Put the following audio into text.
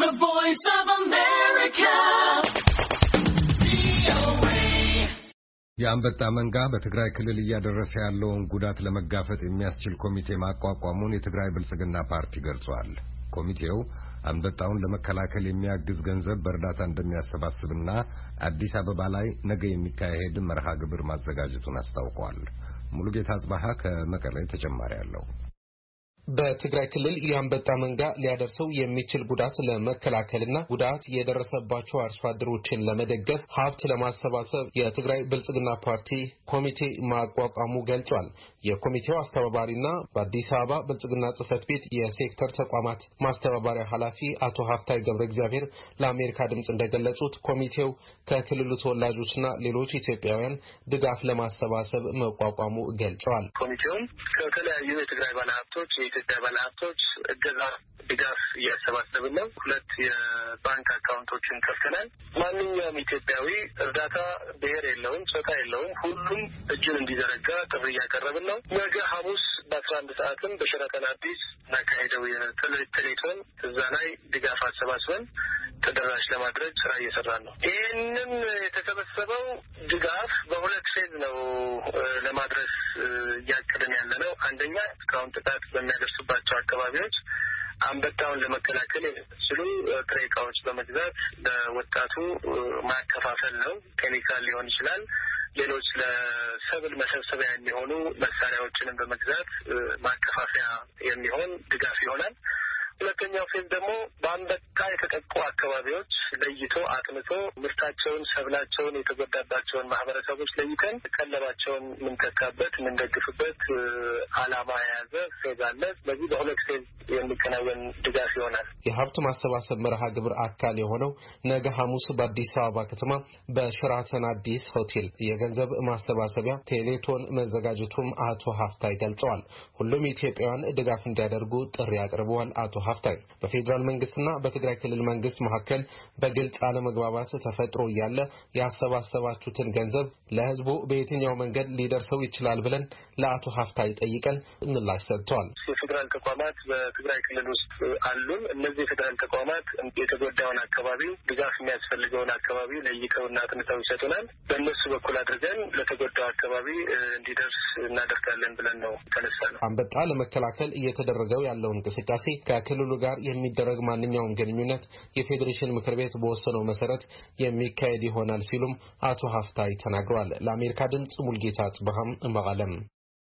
The Voice of America. የአንበጣ መንጋ በትግራይ ክልል እያደረሰ ያለውን ጉዳት ለመጋፈጥ የሚያስችል ኮሚቴ ማቋቋሙን የትግራይ ብልጽግና ፓርቲ ገልጿል። ኮሚቴው አንበጣውን ለመከላከል የሚያግዝ ገንዘብ በእርዳታ እንደሚያሰባስብና አዲስ አበባ ላይ ነገ የሚካሄድ መርሃ ግብር ማዘጋጀቱን አስታውቋል። ሙሉጌታ አጽባሃ ከመቀሌ ተጨማሪ አለው። በትግራይ ክልል የአንበጣ መንጋ ሊያደርሰው የሚችል ጉዳት ለመከላከልና ጉዳት የደረሰባቸው አርሶ አደሮችን ለመደገፍ ሀብት ለማሰባሰብ የትግራይ ብልጽግና ፓርቲ ኮሚቴ ማቋቋሙ ገልጿል። የኮሚቴው አስተባባሪና በአዲስ አበባ ብልጽግና ጽህፈት ቤት የሴክተር ተቋማት ማስተባበሪያ ኃላፊ አቶ ሀፍታይ ገብረ እግዚአብሔር ለአሜሪካ ድምፅ እንደገለጹት ኮሚቴው ከክልሉ ተወላጆችና ሌሎች ኢትዮጵያውያን ድጋፍ ለማሰባሰብ መቋቋሙ ገልጸዋል። ኮሚቴውን ከተለያዩ የትግራይ ባለሀብቶች የኢትዮጵያ ባለሀብቶች እገዛ ድጋፍ እያሰባሰብን ነው። ሁለት የባንክ አካውንቶችን ከፍተናል። ማንኛውም ኢትዮጵያዊ እርዳታ ብሔር የለውም፣ ጾታ የለውም። ሁሉም እጁን እንዲዘረጋ ጥሪ እያቀረብን ነው። ነገ ሐሙስ በአስራ አንድ ሰዓትም በሸራተን አዲስ እናካሄደው የትልትሌቶን እዛ ላይ ድጋፍ አሰባስበን ተደራሽ ለማድረግ ስራ እየሰራን ነው። ይህንም የተሰበሰበው ድጋፍ በሁለት ፌዝ ነው ለማድረስ እያቅድን ያለ ነው። አንደኛ እስካሁን ጥቃት በሚያደርሱባቸው አካባቢዎች አንበጣውን ለመከላከል የሚመስሉ ጥሬ እቃዎች በመግዛት ለወጣቱ ማከፋፈል ነው። ኬሚካል ሊሆን ይችላል። ሌሎች ለሰብል መሰብሰቢያ የሚሆኑ መሳሪያዎችንም በመግዛት ማከፋፈያ የሚሆን ድጋፍ ይሆናል። ሁለተኛው ፌዝ ደግሞ በአንበጣ የተጠቁ አካባቢዎች ለይቶ አጥንቶ ምርታቸውን፣ ሰብላቸውን የተጎዳባቸውን ማህበረሰቦች ለይተን ቀለባቸውን የምንተካበት የምንደግፍበት አላማ የያዘ ፌዝ አለ። ስለዚህ በሁለት ፌዝ የሚከናወን ድጋፍ ይሆናል። የሀብት ማሰባሰብ መርሃ ግብር አካል የሆነው ነገ ሐሙስ በአዲስ አበባ ከተማ በሸራተን አዲስ ሆቴል የገንዘብ ማሰባሰቢያ ቴሌቶን መዘጋጀቱም አቶ ሀፍታይ ገልጸዋል። ሁሉም ኢትዮጵያውያን ድጋፍ እንዲያደርጉ ጥሪ አቅርበዋል። አቶ ሀፍታይ በፌዴራል መንግስትና በትግራይ ክልል መንግስት መካከል በግልጽ አለመግባባት ተፈጥሮ እያለ ያሰባሰባችሁትን ገንዘብ ለህዝቡ በየትኛው መንገድ ሊደርሰው ይችላል ብለን ለአቶ ሀፍታይ ጠይቀን ምላሽ ሰጥተዋል። የፌዴራል ተቋማት በትግራይ ክልል ውስጥ አሉ። እነዚህ የፌዴራል ተቋማት የተጎዳውን አካባቢ ድጋፍ የሚያስፈልገውን አካባቢ ለይተውና አጥንተው ይሰጡናል። በእነሱ በኩል አድርገን ለተጎዳው አካባቢ እንዲደርስ እናደርጋለን ብለን ነው ተነሳ ነው። አንበጣ ለመከላከል እየተደረገው ያለው እንቅስቃሴ ከክልሉ ጋር የሚደረግ ማንኛውም ግንኙነት የፌዴሬሽን ምክር ቤት ቤት በወሰነው መሰረት የሚካሄድ ይሆናል ሲሉም አቶ ሀፍታይ ተናግረዋል። ለአሜሪካ ድምፅ ሙልጌታ ጽብሃም መቀለም